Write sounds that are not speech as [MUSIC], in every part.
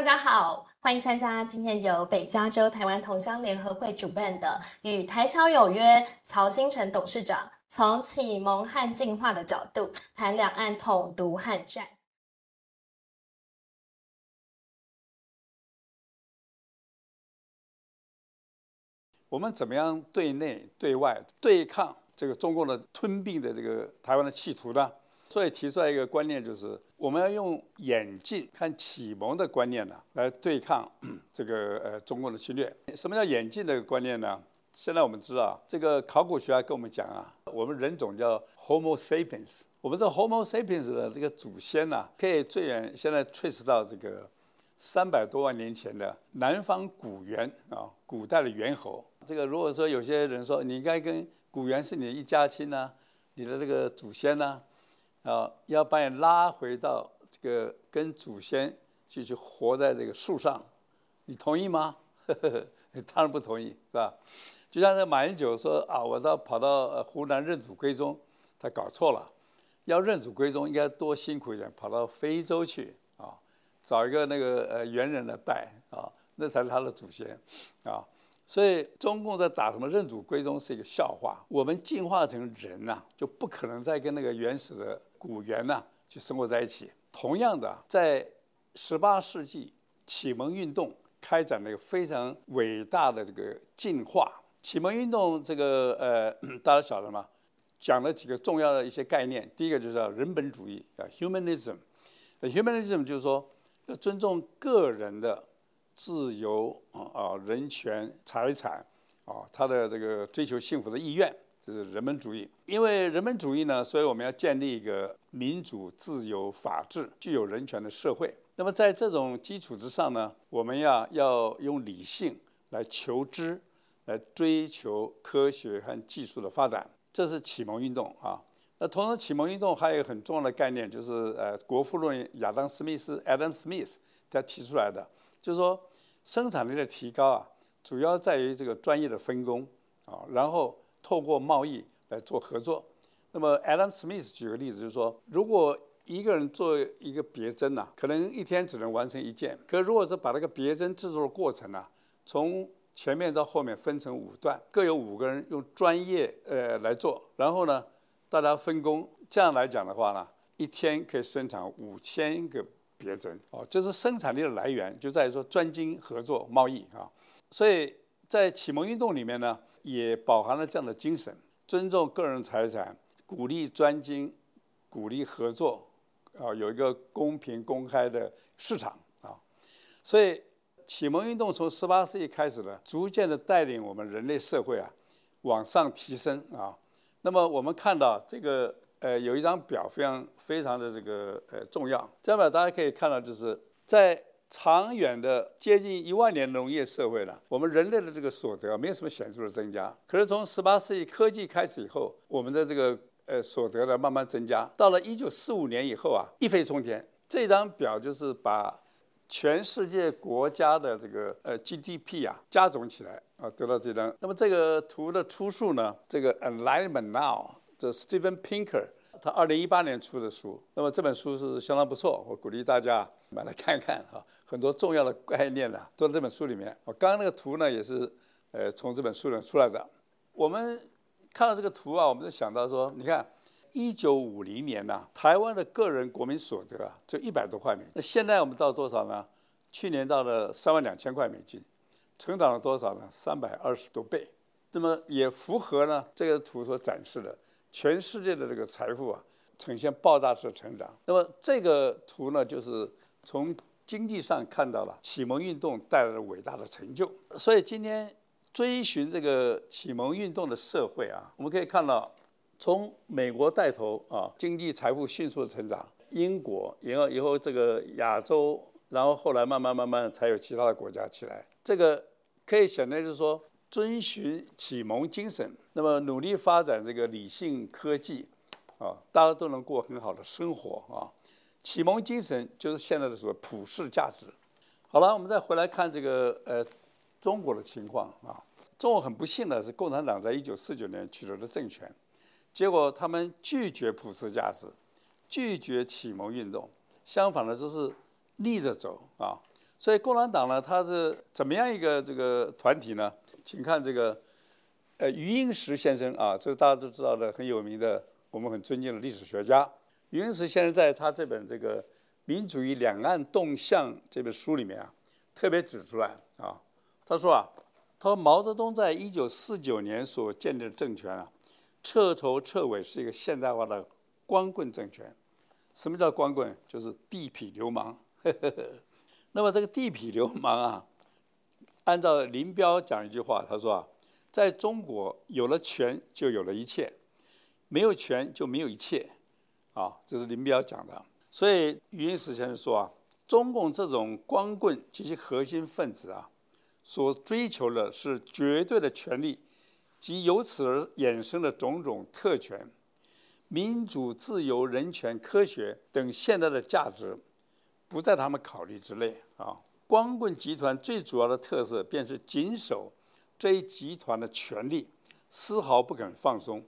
大家好，歡迎參加今天由北加州台灣同鄉聯合會主辦的“與台僑有約”。曹興誠董事長從啟蒙和進化的角度談兩岸統獨和戰。我們怎麼樣對內對外對抗這個中共的吞併的這個台灣的企圖呢？所以提出來一個觀念，就是。我們要用演進看啟蒙的觀念呢、啊，來對抗這個呃中共的侵略。什麼叫演進的觀念呢？現在我們知道，這個考古學家跟我們講啊，我們人種叫 Homo sapiens，我們這 Homo sapiens 的這個祖先呢、啊，可以最遠現在 trace 到這個三百多萬年前的南方古猿啊，古代的猿猴。這個如果說有些人說，你應該跟古猿是你的一家親呢，你的這個祖先呢、啊？啊，要把你拉回到這個跟祖先，就去活在這個樹上，你同意嗎？ [LAUGHS] 當然不同意，是吧？就像那馬英九說啊，我要跑到湖南認祖歸宗，他搞錯了。要認祖歸宗，應該多辛苦一點，跑到非洲去啊，找一個那個呃猿人來拜啊，那才是他的祖先啊。所以中共在打什麼認祖歸宗是一個笑話。我們進化成人吶、啊，就不可能再跟那個原始的。古猿呢、啊，就生活在一起。同樣的，在十八世紀啟蒙運動開展了一個非常偉大的這個進化。啟蒙運動這個呃，大家曉得嗎？講了幾個重要的一些概念。第一個就叫人本主義，啊 humanism。humanism 就是說要尊重個人的自由啊、呃、人權、財產啊、呃，他的這個追求幸福的意願。就是人本主義，因為人本主義呢，所以我們要建立一個民主、自由、法治、具有人權的社會。那麼，在這種基礎之上呢，我們要要用理性來求知，來追求科學和技術的發展。這是啟蒙運動啊。那同時，啟蒙運動還有一個很重要的概念，就是呃，《國富論》亞當·斯密斯、Adam Smith 他提出來的，就是說生產力的提高啊，主要在於這個專業的分工啊，然後。透過貿易來做合作，那麼 Adam Smith 舉個例子，就是說，如果一個人做一個別針吶，可能一天只能完成一件，可如果是把這個別針製作的過程呢，從前面到後面分成五段，各有五個人用專業呃來做，然後呢，大家分工，這樣來講的話呢，一天可以生產五千個別針，哦，這是生產力的來源，就在於說專精合作貿易啊，所以。在啟蒙運動裡面呢，也飽含了這樣的精神：尊重個人財產，鼓勵專精，鼓勵合作，啊、哦，有一個公平公開的市場啊、哦。所以啟蒙運動從十八世紀開始呢，逐漸的帶領我們人類社會啊往上提升啊、哦。那麼我們看到這個呃有一張表非常非常的這個呃重要，這張表大家可以看到就是在。長遠的接近一萬年農業社會了，我們人類的這個所得沒有什麼顯著的增加。可是從十八世紀科技開始以後，我們的這個呃所得呢慢慢增加。到了一九四五年以後啊，一飛衝天。這張表就是把全世界國家的這個呃 GDP 啊加總起來啊，得到這張。那麼這個圖的出處呢？這個 Enlightenment Now，The Steven Pinker。他二零一八年出的書，那麼這本書是相當不錯，我鼓勵大家買來看看啊，很多重要的概念呢、啊、都在這本書裡面。我剛剛那個圖呢也是，呃，從這本書裡面出來的。我們看到這個圖啊，我們就想到說，你看，一九五零年吶、啊，台灣的個人國民所得啊，就一百多塊美金，那現在我們到多少呢？去年到了三萬兩千塊美金，成長了多少呢？三百二十多倍。那麼也符合呢，這個圖所展示的。全世界的這個財富啊，呈現爆炸式的成長。那麼這個圖呢，就是從經濟上看到了啟蒙運動帶來的偉大的成就。所以今天追尋這個啟蒙運動的社會啊，我們可以看到，從美國帶頭啊，經濟財富迅速成長；英國，然後以後這個亞洲，然後後來慢慢慢慢才有其他的國家起來。這個可以顯得就是說。遵循啟蒙精神，那麼努力發展這個理性科技，啊，大家都能過很好的生活啊。啟蒙精神就是現在的說普世價值。好了，我們再回來看這個呃中國的情況啊。中國很不幸的是，共產黨在一九四九年取得了政權，結果他們拒絕普世價值，拒絕啟蒙運動，相反的就是逆着走啊。所以，共產黨呢，他是怎麼樣一個這個團體呢？請看這個，呃，余英時先生啊，這是大家都知道的很有名的，我們很尊敬的歷史學家。余英時先生在他這本《這個民主與兩岸動向》這本書裡面啊，特別指出來啊，他說啊，他說毛澤東在一九四九年所建立的政權啊，徹頭徹尾是一個現代化的光棍政權。什麼叫光棍？就是地痞流氓。 [LAUGHS] 那麼這個地痞流氓啊，按照林彪講一句話，他說啊，在中國有了權就有了一切，沒有權就沒有一切，啊，這是林彪講的。所以余英時先生說啊，中共這種光棍及其核心分子啊，所追求的是絕對的權利，及由此而衍生的種種特權、民主、自由、人權、科學等現代的價值不在他們考慮之內啊！光棍集團最主要的特色便是謹守這一集團的權力，絲毫不肯放鬆，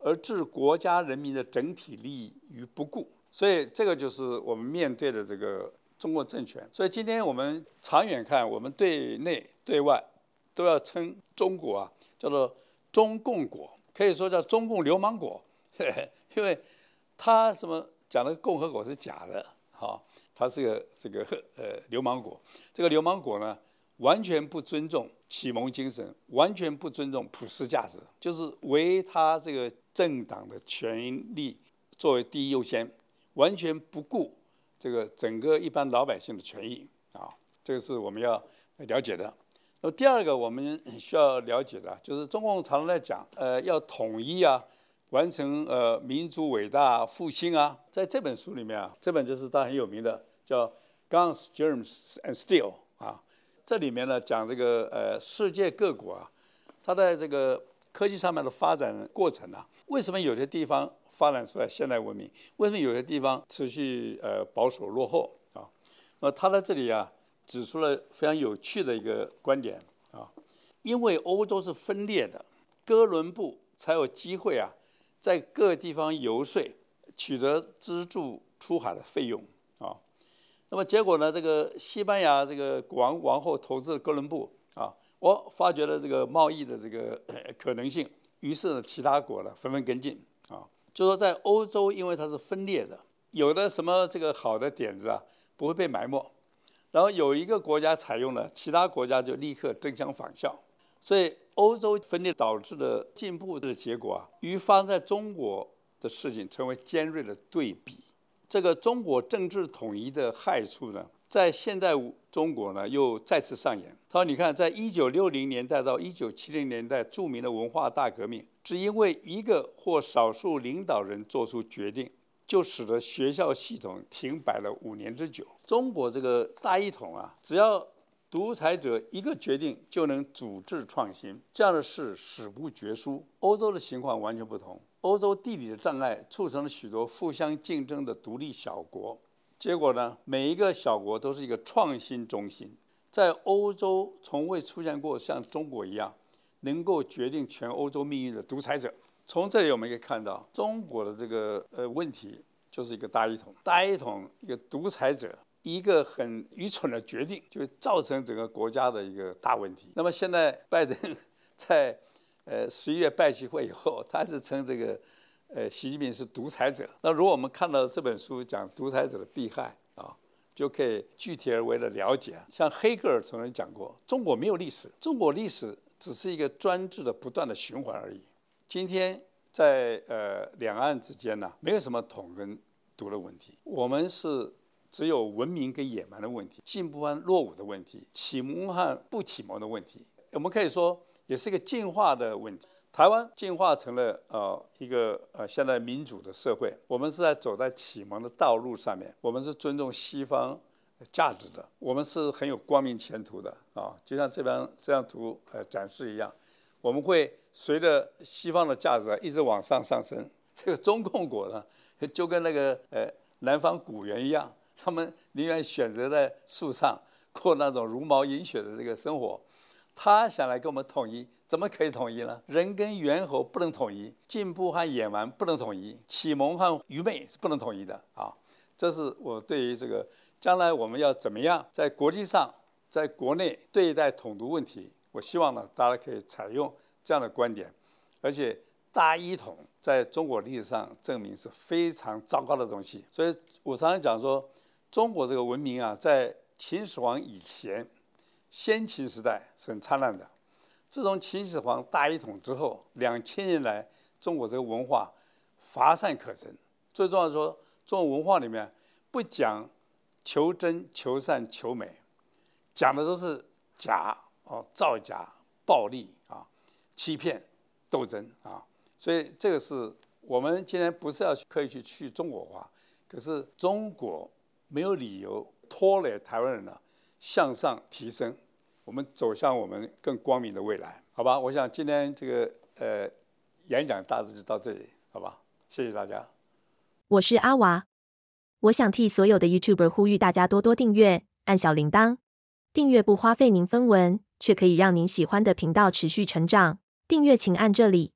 而置國家人民的整體利益於不顧。所以，這個就是我們面對的這個中國政權。所以，今天我們長遠看，我們對內對外都要稱中國啊，叫做中共國，可以說叫中共流氓國， [LAUGHS] 因為他什麼講的共和國是假的，好。他是個這個呃流氓國，這個流氓國呢，完全不尊重啟蒙精神，完全不尊重普世價值，就是為他這個政黨的權力作為第一優先，完全不顧這個整個一般老百姓的權益啊，這個是我們要了解的。那麼第二個我們需要了解的就是，中共常常來講，呃，要統一啊。完成呃民族偉大復興啊，在這本書裡面啊，這本就是他很有名的，叫《Guns, Germs, and Steel》啊。這裡面呢，講這個呃世界各國啊，它在這個科技上面的發展過程啊，為什麼有些地方發展出來現代文明，為什麼有些地方持續呃保守落後啊？那他在這裡啊，指出了非常有趣的一個觀點啊，因為歐洲是分裂的，哥倫布才有機會啊。在各地方遊說，取得資助出海的費用啊、哦，那麼結果呢？這個西班牙這個王王后投資哥倫布啊，我、哦、發覺了這個貿易的這個可能性，於是其他國呢紛紛跟進啊、哦，就說在歐洲，因為它是分裂的，有的什麼這個好的點子啊不會被埋沒，然後有一個國家採用了，其他國家就立刻爭相仿效，所以。歐洲分裂導致的進步的結果啊，與發生在中國的事情成為尖銳的對比。這個中國政治統一的害處呢，在現代中國呢又再次上演。他說：“你看，在一九六零年代到一九七零年代，著名的文化大革命，只因為一個或少數領導人做出決定，就使得學校系統停擺了五年之久。中國這個大一統啊，只要……”獨裁者一個決定就能阻滯創新，這樣的事史不絕書。歐洲的情況完全不同，歐洲地理的障礙促成了許多互相競爭的獨立小國，結果呢，每一個小國都是一個創新中心。在歐洲從未出現過像中國一樣能夠決定全歐洲命運的獨裁者。從這裡我們可以看到，中國的這個呃問題就是一個大一統，大一統一個獨裁者。一個很愚蠢的決定，就造成整個國家的一個大問題。那麼現在拜登在呃十一月拜習會以後，他是稱這個呃習近平是獨裁者。那如果我們看到這本書講獨裁者的弊害啊，就可以具體而微的了解。像黑格爾曾經講過，中國沒有歷史，中國歷史只是一個專制的不斷的循環而已。今天在呃兩岸之間呢，沒有什麼統跟獨的問題，我們是。只有文明跟野蠻的問題，進步和落伍的問題，啟蒙和不啟蒙的問題。我們可以說，也是一個進化的問題。台灣進化成了呃一個呃現代民主的社會，我們是在走在啟蒙的道路上面。我們是尊重西方價值的，我們是很有光明前途的啊！就像這邊這張圖呃展示一樣，我們會隨着西方的價值一直往上上升。這個中共國呢，就跟那個呃南方古猿一樣。他們寧願選擇在樹上過那種茹毛飲血的這個生活，他想來跟我們統一，怎麼可以統一呢？人跟猿猴不能統一，進步和野蠻不能統一，啟蒙和愚昧是不能統一的啊！這是我對於這個將來我們要怎麼樣在國際上、在國內對待統獨問題，我希望呢，大家可以採用這樣的觀點，而且大一統在中國歷史上證明是非常糟糕的東西，所以我常常講說。中國這個文明啊，在秦始皇以前，先秦時代是很燦爛的。自從秦始皇大一統之後，兩千年來，中國這個文化乏善可陳。最重要的說，中國文化裡面不講求真、求善、求美，講的都是假哦，造假、暴力啊、欺騙、鬥爭啊。所以這個是我們今天不是要去刻意去去中國化，可是中國。沒有理由拖累台灣人呢，向上提升，我們走向我們更光明的未來，好吧？我想今天這個呃演講大致就到這裡，好吧？謝謝大家。我是阿娃，我想替所有的 YouTuber 呼籲大家多多訂閱，按小鈴鐺，訂閱不花費您分文，卻可以讓您喜歡的頻道持續成長。訂閱請按這裡。